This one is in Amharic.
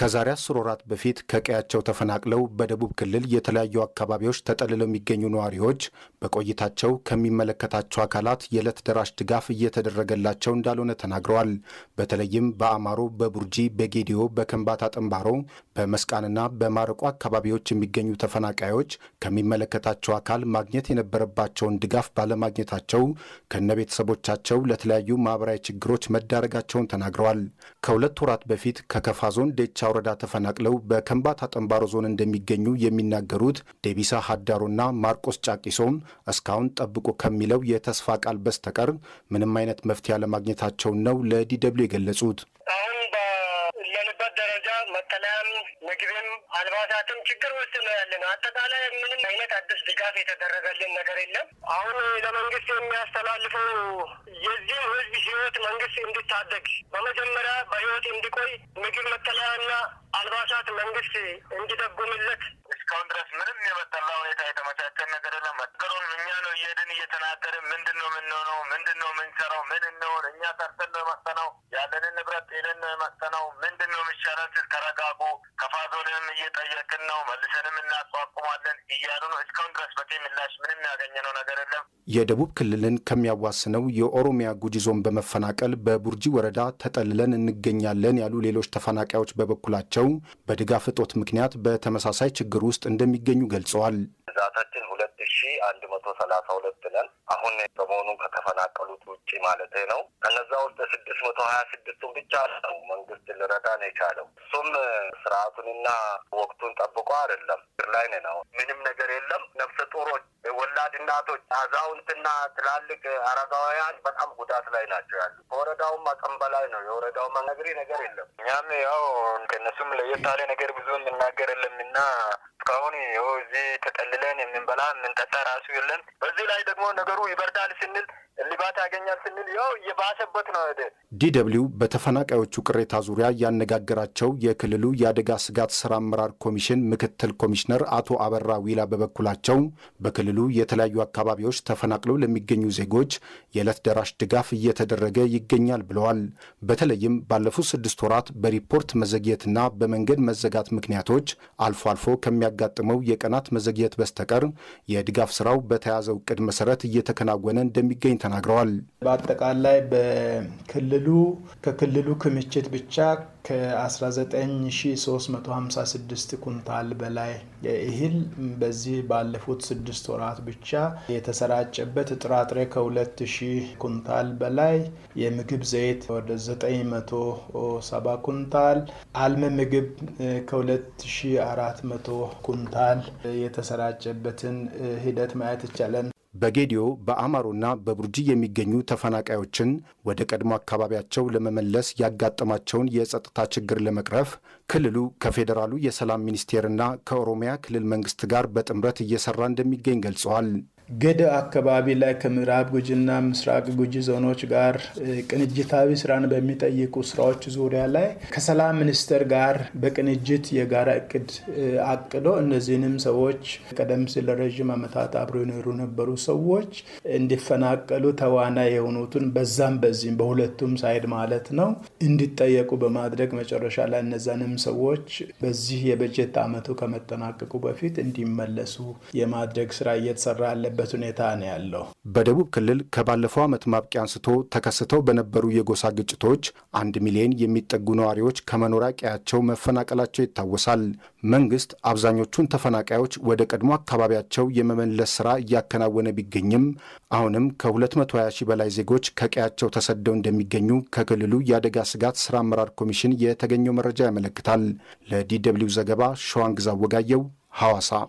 ከዛሬ አስር ወራት በፊት ከቀያቸው ተፈናቅለው በደቡብ ክልል የተለያዩ አካባቢዎች ተጠልለው የሚገኙ ነዋሪዎች በቆይታቸው ከሚመለከታቸው አካላት የዕለት ደራሽ ድጋፍ እየተደረገላቸው እንዳልሆነ ተናግረዋል። በተለይም በአማሮ፣ በቡርጂ፣ በጌዲዮ፣ በከንባታ ጥንባሮ፣ በመስቃንና በማረቆ አካባቢዎች የሚገኙ ተፈናቃዮች ከሚመለከታቸው አካል ማግኘት የነበረባቸውን ድጋፍ ባለማግኘታቸው ከነ ቤተሰቦቻቸው ለተለያዩ ማህበራዊ ችግሮች መዳረጋቸውን ተናግረዋል። ከሁለት ወራት በፊት ከከፋ ዞን ዴቻ ወረዳ ተፈናቅለው በከንባታ ጠንባሮ ዞን እንደሚገኙ የሚናገሩት ዴቢሳ ሀዳሮና ማርቆስ ጫቂሶም እስካሁን ጠብቆ ከሚለው የተስፋ ቃል በስተቀር ምንም አይነት መፍትሄ አለማግኘታቸውን ነው ለዲ የገለጹት። ደረጃ መጠለያም፣ ምግብም፣ አልባሳትም ችግር ውስጥ ነው ነው። አጠቃላይ ምንም አይነት አዲስ ድጋፍ የተደረገልን ነገር የለም። አሁን ለመንግስት የሚያስተላልፈው የዚህ ህዝብ ህይወት መንግስት እንዲታደግ በመጀመሪያ በህይወት እንዲቆይ ምግብ መጠለያና አልባሳት መንግስት እንዲደጉምለት እስካሁን ድረስ ምንም የመጠላ ሁኔታ የተመቻቸን ነገር ነገሩን እኛ ነው እየሄድን እየተናገርን ምንድን ነው የምንሆነው? ምንድን ነው የምንሰራው? ምን እንሆን? እኛ ሰርተን ነው የመጣነው። ያለንን ንብረት ሄደን ነው የመጣነው። ምንድን ነው የሚሻለን ስል ተረጋጉ፣ ከፋዞንም እየጠየቅን ነው፣ መልሰንም እናቋቁማለን እያሉ ነው። እስካሁን ድረስ በቂ ምላሽ ምንም ያገኘነው ነገር የለም። የደቡብ ክልልን ከሚያዋስነው የኦሮሚያ ጉጂ ዞን በመፈናቀል በቡርጂ ወረዳ ተጠልለን እንገኛለን ያሉ ሌሎች ተፈናቃዮች በበኩላቸው በድጋፍ እጦት ምክንያት በተመሳሳይ ችግር ውስጥ እንደሚገኙ ገልጸዋል። ዛታችን ሁለ ሺ አንድ መቶ ሰላሳ ሁለት ነን። አሁን ሰሞኑን ከተፈናቀሉት ውጭ ማለት ነው። ከነዛ ውስጥ ስድስት መቶ ሀያ ስድስቱን ብቻ ነው መንግስት ልረዳ ነው የቻለው። እሱም ስርዓቱንና ወቅቱን ጠብቆ አይደለም። ላይ ነው ምንም ነገር የለም። ነፍሰ ጡሮች፣ ወላድ እናቶች፣ አዛውንትና ትላልቅ አረጋውያን በጣም ጉዳት ላይ ናቸው ያሉ። ከወረዳውም አቅም በላይ ነው። የወረዳው መነግሪ ነገር የለም። እኛም ያው ከነሱም ለየት ያለ ነገር ብዙ የምናገር የለም እና እስካሁን ይኸው እዚህ ተጠልለን የምንበላ የምንጠጣ ራሱ የለን። በዚህ ላይ ደግሞ ነገሩ ይበርዳል ስንል እልባት ያገኛል ስንል ያው እየባሰበት ነው። ደ ዲደብሊው በተፈናቃዮቹ ቅሬታ ዙሪያ ያነጋገራቸው የክልሉ የአደጋ ስጋት ስራ አመራር ኮሚሽን ምክትል ኮሚሽነር አቶ አበራ ዊላ በበኩላቸው በክልሉ የተለያዩ አካባቢዎች ተፈናቅለው ለሚገኙ ዜጎች የዕለት ደራሽ ድጋፍ እየተደረገ ይገኛል ብለዋል። በተለይም ባለፉት ስድስት ወራት በሪፖርት መዘግየትና በመንገድ መዘጋት ምክንያቶች አልፎ አልፎ ከሚያ ከሚያጋጥመው የቀናት መዘግየት በስተቀር የድጋፍ ስራው በተያዘው እቅድ መሰረት እየተከናወነ እንደሚገኝ ተናግረዋል። በአጠቃላይ በክልሉ ከክልሉ ክምችት ብቻ ከ19356 ኩንታል በላይ እህል በዚህ ባለፉት ስድስት ወራት ብቻ የተሰራጨበት፣ ጥራጥሬ ከ2000 ኩንታል በላይ፣ የምግብ ዘይት ወደ 970 ኩንታል፣ አልመ ምግብ ከ2400 ኩንታል የተሰራጨበትን ሂደት ማየት ይቻላል። በጌዲዮ በአማሮና በቡርጂ የሚገኙ ተፈናቃዮችን ወደ ቀድሞ አካባቢያቸው ለመመለስ ያጋጠማቸውን የጸጥታ ችግር ለመቅረፍ ክልሉ ከፌዴራሉ የሰላም ሚኒስቴርና ከኦሮሚያ ክልል መንግስት ጋር በጥምረት እየሰራ እንደሚገኝ ገልጸዋል። ገደ አካባቢ ላይ ከምዕራብ ጉጂና ምስራቅ ጉጂ ዞኖች ጋር ቅንጅታዊ ስራን በሚጠይቁ ስራዎች ዙሪያ ላይ ከሰላም ሚኒስቴር ጋር በቅንጅት የጋራ እቅድ አቅዶ እነዚህንም ሰዎች ቀደም ሲል ለረዥም ዓመታት አብሮ የኖሩ ነበሩ ሰዎች እንዲፈናቀሉ ተዋናይ የሆኑትን በዛም በዚህም በሁለቱም ሳይድ ማለት ነው እንዲጠየቁ በማድረግ መጨረሻ ላይ እነዛንም ሰዎች በዚህ የበጀት ዓመቱ ከመጠናቀቁ በፊት እንዲመለሱ የማድረግ ስራ እየተሰራ አለ። ያለበት ሁኔታ ነው ያለው። በደቡብ ክልል ከባለፈው ዓመት ማብቂያ አንስቶ ተከስተው በነበሩ የጎሳ ግጭቶች አንድ ሚሊዮን የሚጠጉ ነዋሪዎች ከመኖሪያ ቀያቸው መፈናቀላቸው ይታወሳል። መንግስት አብዛኞቹን ተፈናቃዮች ወደ ቀድሞ አካባቢያቸው የመመለስ ስራ እያከናወነ ቢገኝም አሁንም ከ220 ሺህ በላይ ዜጎች ከቀያቸው ተሰደው እንደሚገኙ ከክልሉ የአደጋ ስጋት ስራ አመራር ኮሚሽን የተገኘው መረጃ ያመለክታል። ለዲ ደብልዩ ዘገባ ሸዋንግዛ ወጋየው ሐዋሳ